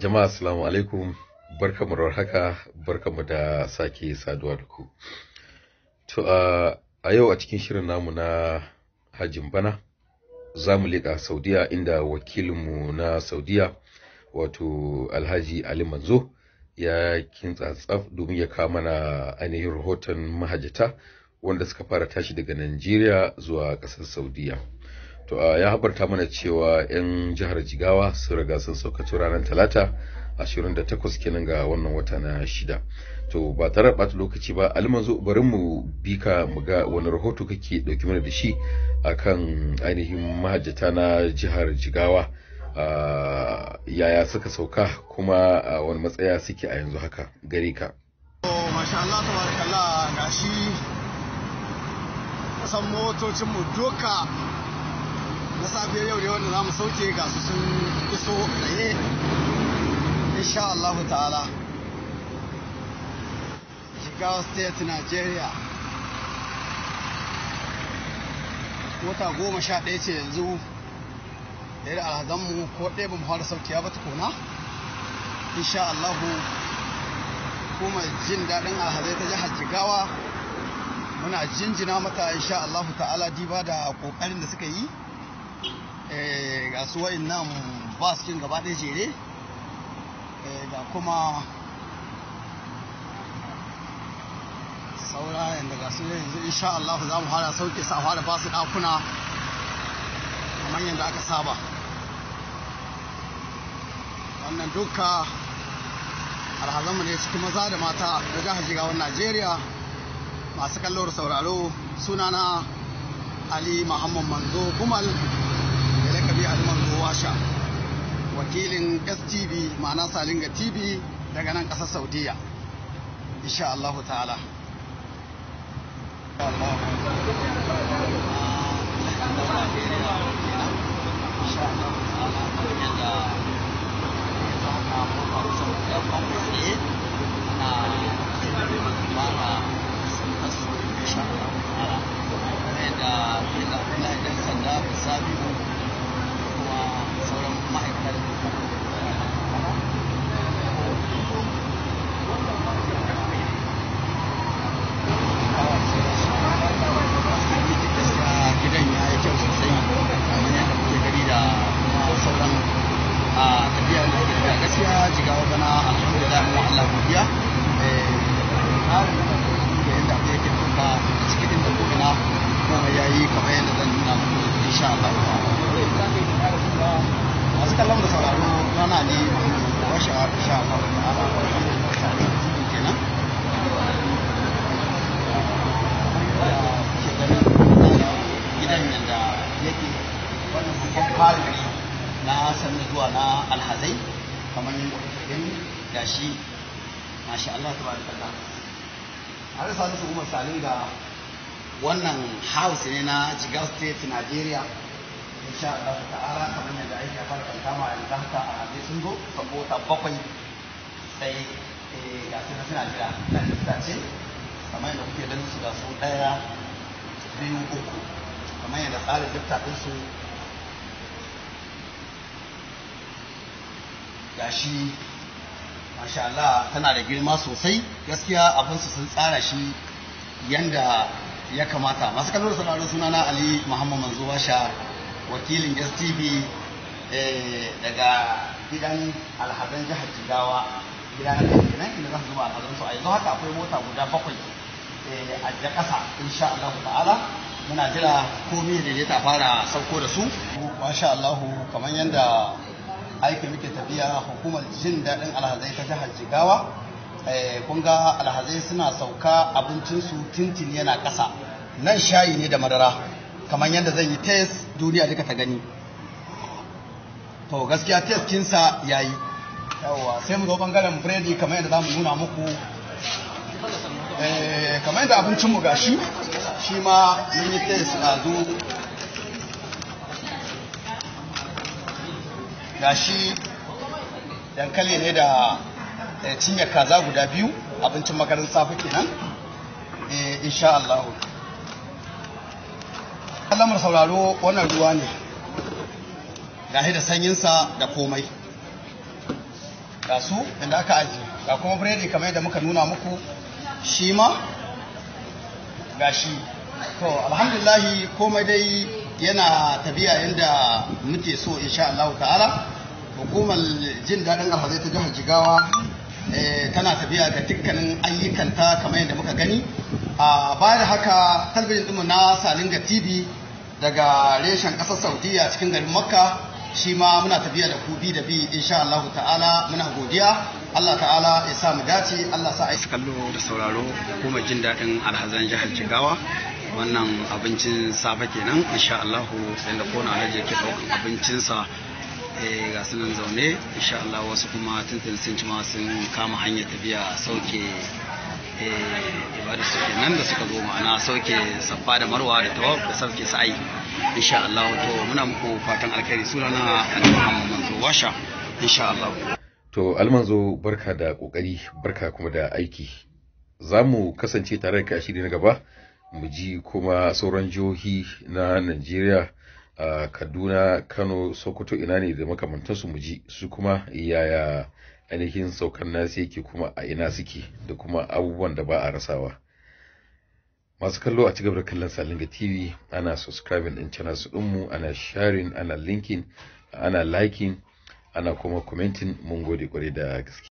Jama'a assalamu alaikum barkamu da haka barkamu da sake saduwa da ku. To a yau a cikin shirin namu na hajin bana za mu liƙa Saudiya inda wakilinmu na Saudiya wato Alhaji Ali Manzo ya kintsa tsaf domin ya kawo mana ainihin rahoton mahajata wanda suka fara tashi daga Najeriya zuwa ƙasar Saudiya. to ya habarta mana cewa 'yan jihar jigawa sun riga sun saukatu ranar talata 28 kenan ga wannan wata na shida to ba tare da ɓata lokaci ba almanzo bari mu bika ka mu ga wani rahoto kake ɗauki mana da shi akan ainihin mahajjata na jihar jigawa yaya suka sauka kuma wani matsaya suke a yanzu haka gare ka masha Allah kasan motocinmu doka na safiyar yau da wanda za mu sauke ga su sun iso raye insha Allah ta'ala Jigawa state Nigeria wata goma sha ɗaya ce yanzu da yi alhazanmu ko ɗaya ba mu fara saukiya ba tukuna insha Allah kuma jin daɗin alhazai ta jihar Jigawa muna jinjina mata insha Allah ta'ala diba da ƙoƙarin da suka yi Eh, eh, ga su nan bas kin gaba ɗaya jere ga kuma saura yadda ga su yanzu insha Allah za mu fara sauke sa a fara ba su ɗakuna kamar da aka saba wannan duka alhazanmu ne cikin maza da mata da jihar Jigawar najeriya masu kallon sauraro sunana ali muhammad manzo gumal Alhaji Alman Washa wakilin STV ma'ana Salinga TV daga nan ƙasar Saudiya insha Allahu ta'ala insha Allahu ta'ala kamar yadda kuka gani gashi masha Allah ta tabarakallah har su umar salin da wannan house ne na jigar state nigeria insha Allah ta ta'ala kamar yadda a fara kanta kantama yanzu haka a zai sun zo saboda bakwai sai eh, ga su suna jira na ce kamar yadda kuke ganin su ga su ɗaya biyu uku kamar yadda tsarin jifta ɗinsu gashi masha Allah tana da girma sosai gaskiya su sun tsara shi yanda ya kamata masu kallon sauraro suna na Ali Muhammad Manzo Washa wakilin STV eh, daga gidan alhazan jihar Jigawa gidan kenan inda za su zuba alhazan su a yanzu haka akwai mota guda bakwai eh, a da ƙasa insha Allah ta'ala muna jira komai da ta fara sauko da su masha Allah kamar yanda aiki muke tafiya hukumar jin daɗin alhazai ta jihar jigawa eh, kun ga alhazai suna sauka abincinsu tintin yana ƙasa nan shayi ne da madara kamar yadda zan yi test duniya duka ta gani to gaskiya test kinsa ya yi yawa sai mu zo ɓangaren biredi kamar yadda za mu nuna muku eh, kamar yadda abincinmu gashi shi ma mun yi test a gashi dankali ne da eh, cinye kaza guda biyu abincin makarin safi kenan eh, insha Allah alamar sauraro wannan ruwa ne gashi da sanyinsa da komai ga su inda aka aji ga kuma biredi kamar yadda muka nuna muku Shima. ma shi to alhamdulillahi komai dai yana tafiya inda muke so insha Allah ta'ala hukumar jin daɗin alhazai ta jihar jigawa eh, tana tafiya ga dukkanin ayyukanta kamar yadda muka gani a baya da haka talbijin ɗinmu na salinga tv daga reshen ƙasar saudiya cikin garin makka shi ma muna tafiya da ku bi da bi insha Allah ta'ala muna godiya Allah ta'ala ya sa mu dace Allah sa aiki kallo da sauraro hukumar jin daɗin alhazan jihar jigawa wannan abincin safe kenan insha Allah sai da kona alhaji ke ɗaukan abincinsa eh, ga su nan zaune insha Allah wasu kuma tuntun sun cima sun kama hanyar tafiya sauke eh, ibada su nan da suka zo ma'ana sauke safa da marwa da tawaf da sauke sa'i insha Allah to muna muku fatan alkhairi sunana Alhamdu Manzo Washa insha Allah to Almanzo barka da kokari barka kuma da aiki za mu kasance tare da ka shiri na gaba mu ji kuma sauran jihohi na najeriya a kaduna kano sokoto ina ne da makamantansu mu ji su kuma yaya ainihin saukan nasi yake kuma a ina suke da kuma abubuwan da ba a rasawa masu kallo a cigaba da kallon salinga tv ana subscribing din channels ɗinmu ana sharing ana linking ana liking ana kuma commenting mun gode kwarai da gaske